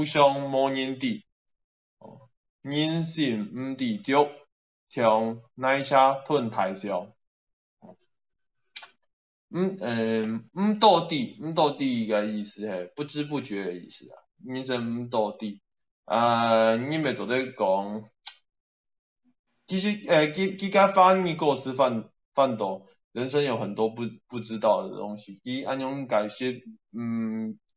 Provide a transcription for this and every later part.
無常沒人知，人生唔知足，像泥蛇吞大象。唔、嗯，誒、嗯，毋多知，毋多知個意思係不知不覺個意思啊。人生毋多知。啊、呃，你咪做得講，其實誒，佮佮翻譯個詞反反多。人生有很多不不知道的東西，伊安樣解釋，嗯。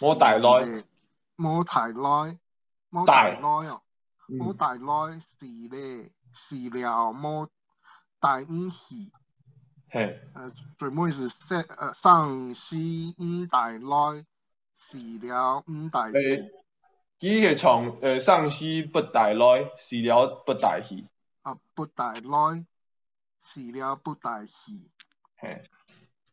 冇帶來，冇帶來，冇帶來哦，冇帶來是咧，死了冇帶唔去。係，誒最屘是說，誒生時唔帶來，死了唔帶去。誒，佢係從誒生時不帶來，死了不帶去。啊不帶來，死了、呃呃嗯嗯呃、不帶去。係。嗯